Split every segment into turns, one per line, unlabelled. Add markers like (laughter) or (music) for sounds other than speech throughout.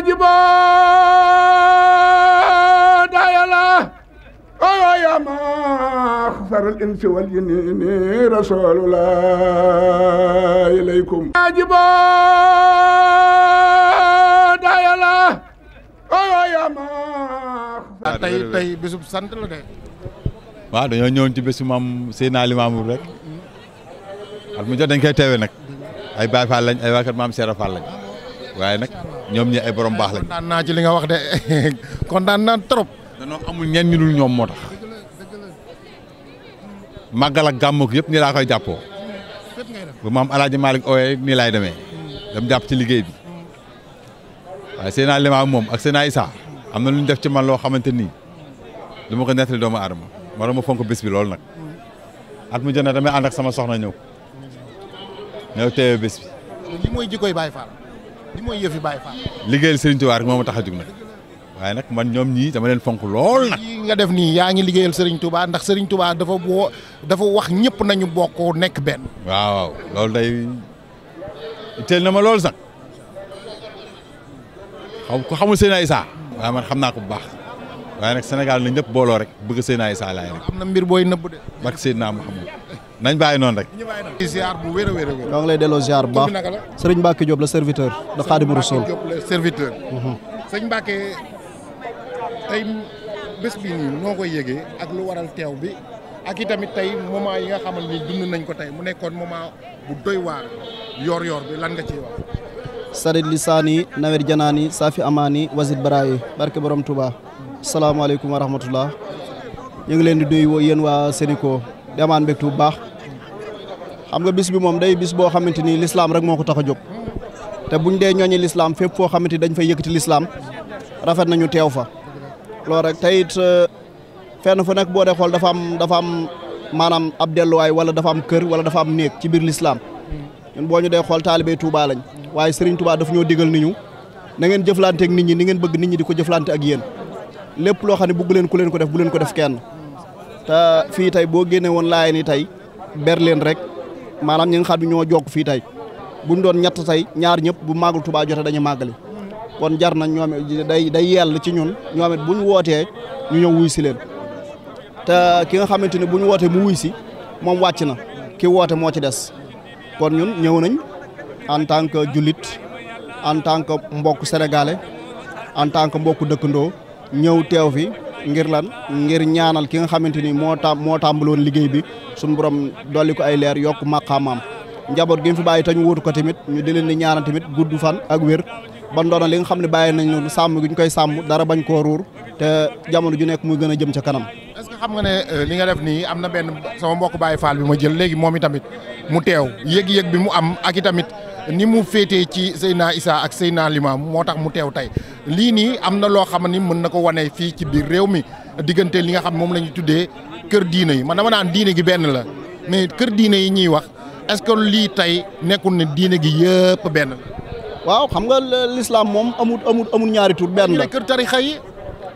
واجبا دايلا ويا ما خسر الانس والجنين رسول الله اليكم واجبا
دايلا ويا ما tey tey bésub sant la de
dañoo ñëwoon ci bésu maam Seydina Limaamu rek at mu jot dañ koy teewee nag ay Baay Faal lañ maam Seera Faal lañ waaye nag ñoom ñi ay borom baax lañ.
kontaan naa ci li nga wax de (laughs) kontaan naa trop. danoo amul ñenn ñu dul ñoom moo tax
màggal ak gàmm yëpp nii laa koy jàppoo bu maam El Hadj Malick ooyee laay demee dam jàpp ci liggéey bi waaye seen limaam moom ak seen Issa am na lu ñu def ci man loo xamante nii du ko nettali doomu aadama ma doon ma fonk bés bi loolu nag at mu jënd damay ànd ak sama soxna ñëw ñëw teewe bés bi.
li mooy yëf yi Baye Fall. liggéeyal Serigne Touba rek moo ma tax a jug nag waaye nag man ñoom ñii dama leen fonk lool nag. yi nga def nii yaa ngi liggéeyal Serigne Touba ndax Serigne Touba dafa woo dafa wax ñëpp nañu bokk nekk benn. waaw
loolu day teel na ma lool sax xaw ko xamul Seydina Issa. waaw man xam naa ko bu baax. waaye nag Sénégal na ñëpp booloo rek bëgg Seydina Issa laay rek. am na mbir booy nëbb de. barke Seydina Mouhamed. nañ bàyyi noonu rek.
ziar bu wér a wér a
wér. lay delloo ziar bu baax sëriñ Mbacke Diop la serviteur de Khadimou Rassoul.
serviteur. Mhm. sëñ Mbacke tey bés bi koy yëgee ak lu waral teew bi tamit tey moment yi nañ ko tey mu nekkoon moment bu doy waar yor-yor bi lan nga ciy wax.
sarit lisaani nawet janaani saafi amaani wasit baraayi barke borom Touba. salaamaaleykum wa rahmatullah ñu ngi leen di nuyu yéen waa Sénico di amaan mbégte bu baax. xam nga bis bi moom day bis boo xamante ni lislaam rek moo ko tax a jóg te buñ dee ñooñi lislaam fépp foo xamante ni dañ fay yëkkati lislaam rafet nañu teew fa loolu rek tey it eh, fenn fu nekk boo dee xool dafa am dafa am maanaam ab delluwaay wala dafa am kër wala dafa am néeg ci biir lislaam ñun boo ñu dee xool taalibey Touba lañ waaye Serigne Touba dafa ñoo dégal ni ñu na ngeen jëflante ak nit ñi ni ngeen bëgg nit ñi di ko jëflante ak yéen lépp loo xam ne bugg leen ku leen ko def bu leen ko def kenn te fii tey boo génne woon laay ni tey ber leen rek maanaam ñi nga xam ne ñoo jokk fii bu buñ doon ñett tey ñaar ñëpp bu màggal Tuubaa jotee dañu màggali kon jar nañ ñoom day day yell ci ñun ñoom bu ñu wootee ñu ñëw wuy si leen te ki nga xamante ne bu ñu wootee mu wuy si moom wàcc na ki woote moo ci des kon ñun ñëw nañ en tant que jullit en tant que mbokk sénégalais en tant que mbokk dëkkandoo ñëw teew fi ngir lan ngir ñaanal ki nga xamante ni moo ta moo tàmbaloon liggéey bi suñu borom dolli ko ay leer yokk màqaamaam njaboot gi mu fi bàyyi tañu wutu ko tamit ñu di leen di ñaanal tamit gudd fan ak wér ba ndoona li nga xam ne bàyyi nañu sàmm gi koy sàmm dara bañ koo ruur te jamono ju nekk muy gën a jëm ca kanam. est que
xam nga ne euh, li nga def nii am na benn sama mbokk Baye Fall bi ma jël léegi moom itamit mu teew yëg-yëg bi mu am ak itamit ni mu féetee ci naa Issa ak naa Limam moo tax mu teew tey lii nii am na loo xam ni mën na ko wane fii ci biir réew mi diggante li nga xam moom la tuddee kër diine yi man dama naan diina gi benn la mais kër diina yi ñuy wax est-ce que lii
tey nekkul ne diine gi yëpp benn la. waaw xam nga lislaam moom amul amul amul ñaari tur benn la kër tarixa yi.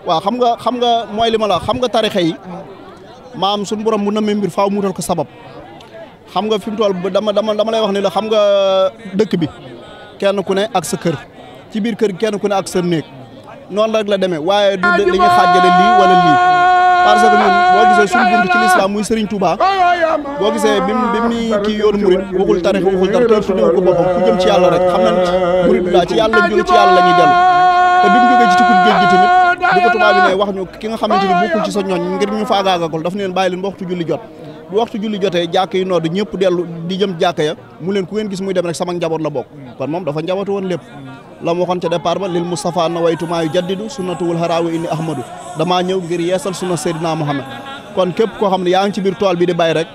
waaw xam nga xam nga mooy li ma la xam nga tarixa yi hmm. maam suñu borom bu namee mbir faaw mu wutal ko sabab. xam nga fi mu toll dama dama dama lay wax ne la xam nga dëkk bi kenn ku ne ak sa kër ci biir kër kenn ku ne ak sa néeg noonu rek la demee waaye du li ñu xaajale lii wala lii parce que ñun boo gisee suñu bunt ci lislaam muy Serigne Touba boo gisee bi mu bi mu kii yoonu murit waxul tarix waxul tarix te tuddewu ko boppam ku jëm ci yàlla rek xam nañ murit laa ci yàlla jóge ci yàlla la ñuy dellu te bi mu jógee ci tukkib géej gi tamit bu ko tubaab bi ne wax ñu ki nga xamante ni bokkul ci sa ñooñ ngir ñu faagaagagul daf bàyyi leen ba waxtu julli jot bu waxtu julli jotee jàkk yi nodd ñëpp dellu di jëm jàkk ya mu leen ku ngeen gis muy dem rek sama njaboot la bokk kon moom dafa njabootu woon lépp la mu waxoon ca départ ba lil Moustapha na waytumaa yu jaddidu sunnatuwul haraawi inni ahmadu damaa ñëw ngir yeesal sunna Seydina Muhammad kon képp koo xam ne yaa ngi ci biir tool bi di bay rek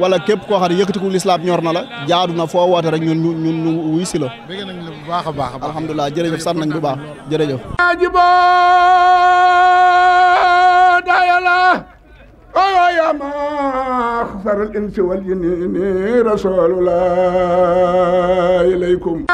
wala képp koo xam yëkkatiku lislaam ñor na la jaadu na foo woote rek ñun ñun ñu wuy si la. bëgg nañ la bu a baax. alhamdulilah jërëjëf sant nañ bu أكثر الإنس والجن رسول الله إليكم